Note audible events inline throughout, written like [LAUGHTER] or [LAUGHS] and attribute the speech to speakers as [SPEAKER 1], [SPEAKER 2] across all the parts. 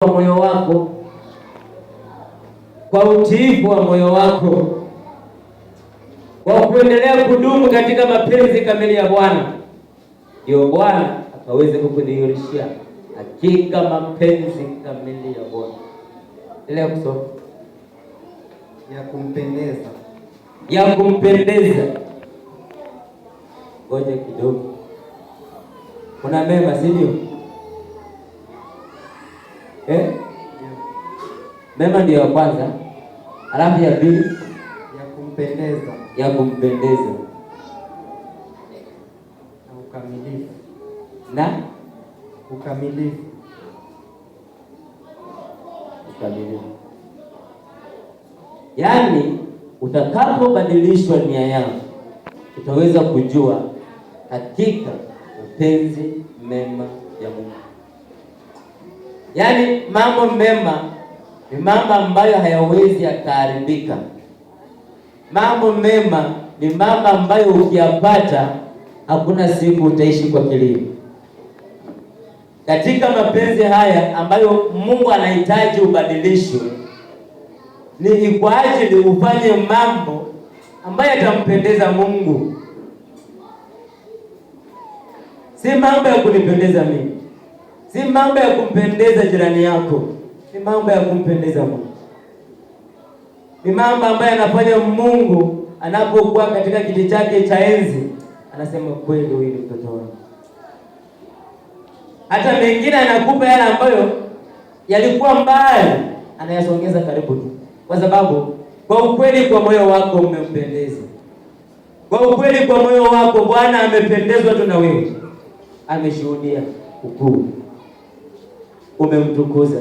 [SPEAKER 1] wa moyo wako kwa utiifu wa moyo wako kwa kuendelea kudumu katika mapenzi kamili ya Bwana, ndio Bwana akaweze kukudhihirishia hakika mapenzi kamili ya Bwana. leo
[SPEAKER 2] Ya kumpendeza,
[SPEAKER 1] ya kumpendeza. Ngoja kidogo, kuna mema, si ndio? Eh? Mema ndio ya kwanza, alafu ya pili ya
[SPEAKER 2] kumpendeza, ya kumpendeza na ukamilifu, na ukamilifu,
[SPEAKER 1] ukamilifu. Yaani, utakapobadilishwa nia yako utaweza kujua hakika mapenzi mema ya Mungu. Yaani mambo mema ni mambo ambayo hayawezi yakaharibika. Mambo mema ni mambo ambayo ukiyapata hakuna siku utaishi kwa kilio. Katika mapenzi haya ambayo Mungu anahitaji ubadilishwe, ni kwa ajili ufanye mambo ambayo yatampendeza Mungu, si mambo ya kunipendeza mimi si mambo ya kumpendeza jirani yako, ni mambo ya kumpendeza Mungu, ni mambo ambayo anafanya Mungu anapokuwa katika kiti chake cha enzi, anasema kweli, huyu ni mtoto wangu. Hata mengine anakupa yale ambayo yalikuwa mbaya, anayasongeza karibu tu, kwa sababu kwa ukweli, kwa moyo wako umempendeza. Kwa ukweli, kwa moyo wako Bwana amependezwa tu na wewe, ameshuhudia ukuu umemtukuza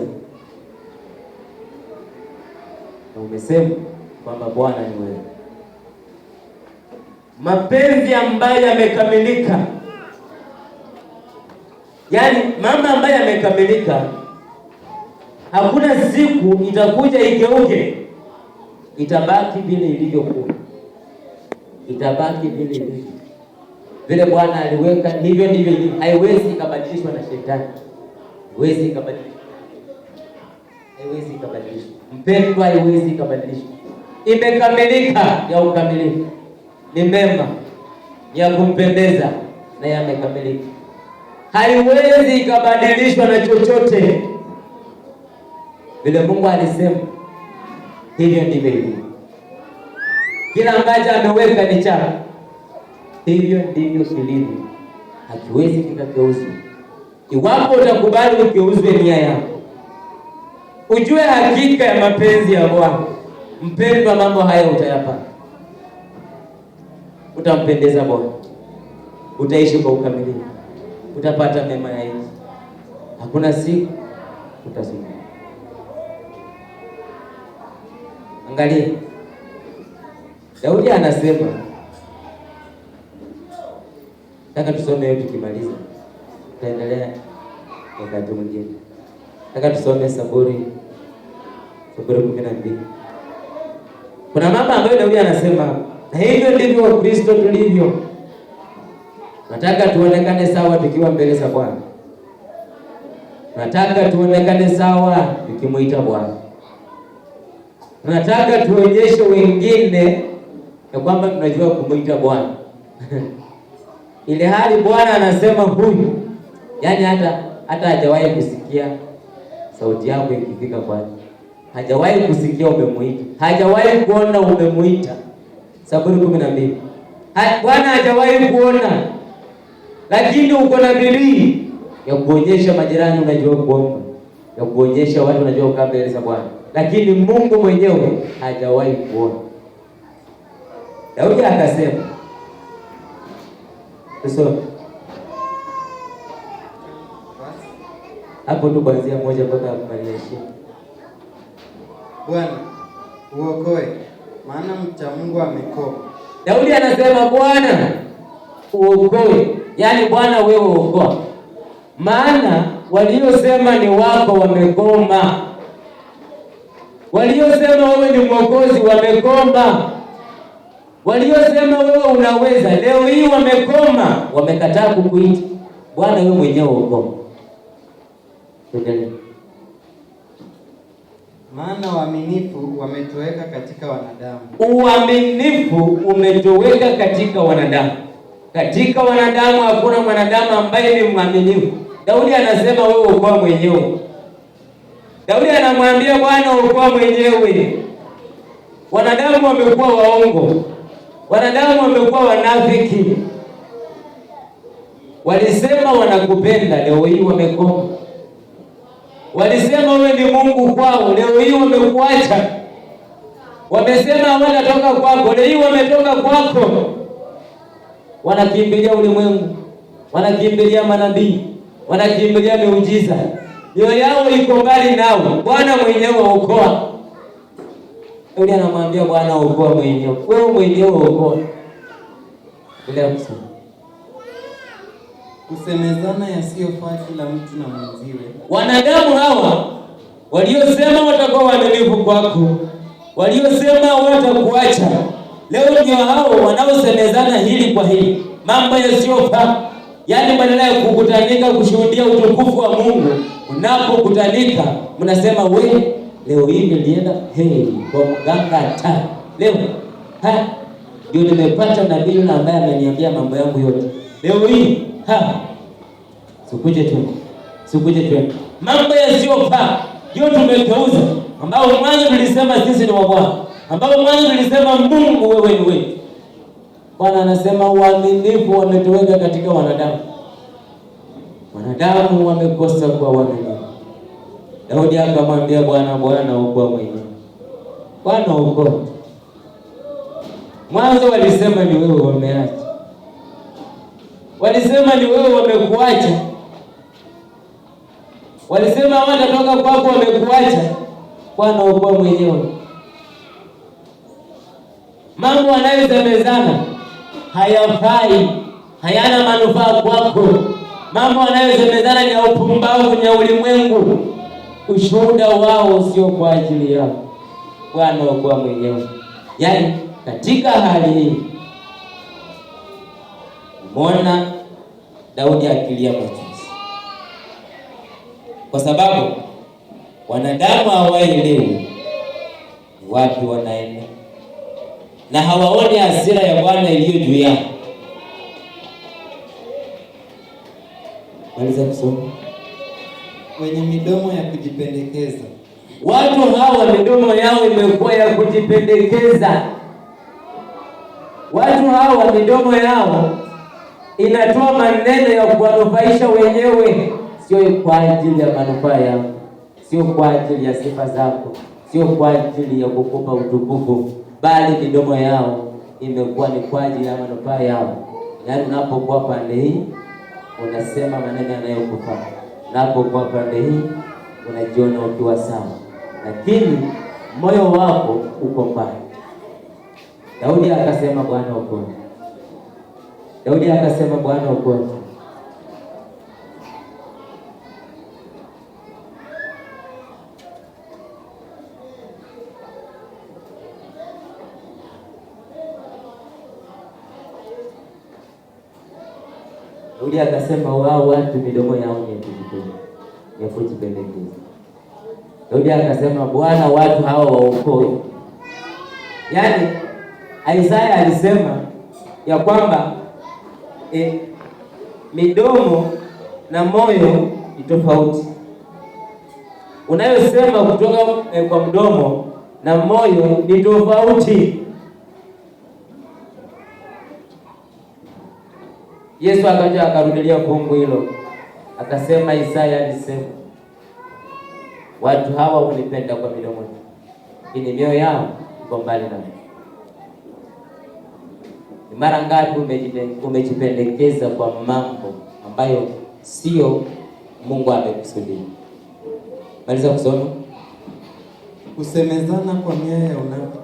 [SPEAKER 1] na umesema kwamba Bwana ni wewe. Mapenzi ambayo yamekamilika, yaani mama ambaye yamekamilika, hakuna siku itakuja igeuke, itabaki vile ilivyokuwa, itabaki vile ilivyo, vile Bwana aliweka, hivyo ndivyo, haiwezi ikabadilishwa na shetani. Haiwezi ikabadilishwa, haiwezi ikabadilishwa, mpendwa, haiwezi ikabadilishwa. Imekamilika ya ukamilifu, ni mema, ya kumpendeza na yamekamilika, haiwezi ikabadilishwa na chochote. Vile Mungu alisema, hivyo ndivyo ilivyo. Kila ambacho ameweka ni chake, hivyo ndivyo kilivyo, hakiwezi kikageuzwa. Iwapo utakubali ukiuzwe nia yako, ujue hakika ya mapenzi ya Bwana. Mpendwa, mambo haya utayapata, utampendeza Bwana, utaishi kwa ukamilifu, utapata mema ya nchi, hakuna siku utasumbuka. Angalia, Daudi anasema, nataka tusome tukimaliza Tutaendelea wakati mwingine. Nataka tusome Saburi Saburi kumi na mbili. Kuna mama ambayo Daudi anasema, na hivyo ndivyo Wakristo tulivyo. Nataka tuonekane sawa tukiwa mbele za Bwana. Nataka tuonekane sawa tukimwita Bwana. Nataka tuonyeshe wengine ya kwamba tunajua kumwita Bwana. [LAUGHS] Ile hali Bwana anasema huyu Yaani hata hata hajawahi kusikia sauti yako ikifika kwake, hajawahi kusikia umemuita, hajawahi kuona umemuita. Zaburi kumi na mbili. Bwana hajawahi kuona, lakini uko na bidii ya kuonyesha majirani unajua kuomba, ya kuonyesha watu unajua kukaa mbele za Bwana, lakini Mungu mwenyewe hajawahi kuona. Daudi akasema, tusome hapo tu kuanzia moja mpaka malieshia.
[SPEAKER 2] Bwana uokoe, maana mcha Mungu amekoa.
[SPEAKER 1] Daudi anasema Bwana uokoe, yaani Bwana wewe uokoa, maana waliosema ni wako wamegoma, waliosema wewe ni mwokozi wamegoma waliosema wewe unaweza, leo hii wamekoma, wamekataa kukuita. Bwana wewe mwenyewe ukoma. Tuendelee.
[SPEAKER 2] Maana uaminifu umetoweka katika wanadamu.
[SPEAKER 1] Uaminifu umetoweka katika wanadamu. Katika wanadamu hakuna mwanadamu ambaye ni mwaminifu. Daudi anasema wewe ukoa mwenyewe. Daudi anamwambia Bwana ukoa mwenyewe. Wanadamu wamekuwa waongo, wanadamu wamekuwa wanafiki. Walisema wanakupenda, leo hii wamekoma Walisema wewe ni Mungu kwao, leo hii wamekuacha. Wamesema wanatoka kwako, leo hii wametoka kwako. Wanakimbilia ulimwengu, wanakimbilia manabii, wanakimbilia miujiza. Mioyo yao iko mbali nao. Bwana mwenyewe waokoa. Yule anamwambia Bwana, okoa mwenyewe, wewe mwenyewe okoa. Bila msuu
[SPEAKER 2] kusemezana yasiyofaa kila mtu na mwenziwe.
[SPEAKER 1] Wanadamu hawa waliosema watakuwa waaminifu kwako, waliosema watakuacha, leo ndio hao wanaosemezana hili kwa hili, mambo yasiyofaa yaani badala ya kukutanika kushuhudia utukufu wa Mungu, unapokutanika mnasema we, leo hii nilienda hei kwa mganga ta leo ha ndio nimepata nabii yule ambaye ameniambia mambo yangu yote leo hii hapa, sikuje tu sikuje tu, mambo yasiyofaa yote tumegeuza, ambao mwanzo tulisema sisi ni wa Bwana, ambao mwanzo tulisema Mungu wewe ni wewe. Bwana anasema uaminifu wametoweka katika wanadamu, wanadamu wamekosa kwa waaminifu. Daudi akamwambia Bwana, Bwana uko mwenyewe, Bwana uko. Mwanzo walisema ni wewe, wameacha Walisema ni wewe wamekuacha, walisema natoka kwako, wamekuacha. Bwana uko mwenyewe. Mambo anayosemezana hayafai, hayana manufaa kwako. Mambo anayosemezana ni ya upumbavu, ni ya ulimwengu. Ushuhuda wao sio kwa ajili yako. Bwana uko mwenyewe. Yaani katika hali hii Mbona Daudi akilia machozi? Kwa sababu wanadamu hawaelewi wapi wanaenda na hawaone hasira ya Bwana iliyo juu yao. Maliza kusoma.
[SPEAKER 2] Wenye midomo ya kujipendekeza,
[SPEAKER 1] watu hawa midomo yao imekuwa ya kujipendekeza. Watu hawa midomo yao inatoa maneno ya kuwanufaisha wenyewe, sio kwa ajili ya manufaa yako, sio kwa ajili ya sifa zako, sio kwa ajili ya kukupa utukufu, bali midomo yao imekuwa ni kwa ajili ya manufaa yao. Yaani, unapokuwa pande hii unasema maneno yanayokufaa, unapokuwa pande hii unajiona ukiwa sawa, lakini moyo wako uko mbali. Daudi akasema, Bwana uko Daudi akasema Bwana ukweli. Daudi akasema wao watu midomo yao yakujipendekeza. Daudi akasema Bwana, watu hawa waokoe. Yaani Isaya alisema ya kwamba eh, midomo na moyo ni tofauti. Unayosema kutoka eh, kwa mdomo na moyo ni tofauti. Yesu akaja akarudilia fungu hilo akasema, Isaya alisema watu hawa hunipenda kwa midomo, lakini mioyo yao iko mbali nami. Ni mara ngapi umejipendekeza kwa mambo ambayo sio Mungu amekusudia? Maliza kusoma.
[SPEAKER 2] Kusemezana kwa mioyo ya unafiki.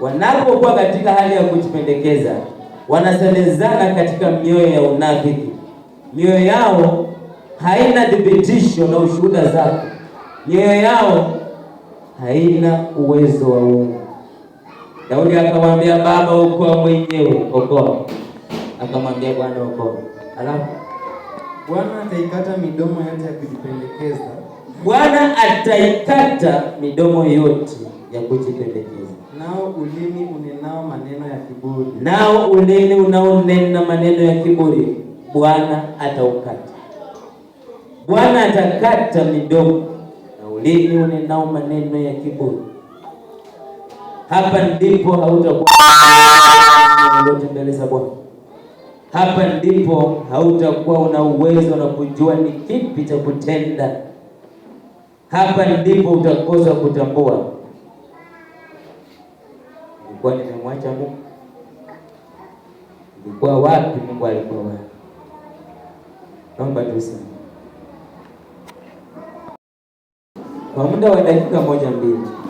[SPEAKER 1] Wanapokuwa katika hali ya kujipendekeza, wanasemezana katika mioyo ya unafiki. Mioyo yao haina thibitisho na ushuhuda zako. Mioyo yao haina uwezo wa Mungu. Daudi akamwambia Baba, ukoa mwenyewe, okoa. Akamwambia Bwana, okoa. Alafu
[SPEAKER 2] Bwana ataikata midomo yote ya kujipendekeza.
[SPEAKER 1] Bwana ataikata midomo yote ya kujipendekeza.
[SPEAKER 2] Nao ulimi unenao maneno ya kiburi.
[SPEAKER 1] Nao ulimi unaonena maneno ya kiburi, Bwana ataukata. Bwana atakata midomo na ulimi unenao maneno ya kiburi hapa ndipo hautakuwa lolote mbele za Bwana. Hapa ndipo hautakuwa una uwezo na kujua ni kipi cha kutenda. Hapa ndipo utakosa kutambua nilikuwa nimemwacha Mungu, nilikuwa wapi, Mungu alikuwa wapi? Naomba tuseme kwa muda wa dakika moja mbili.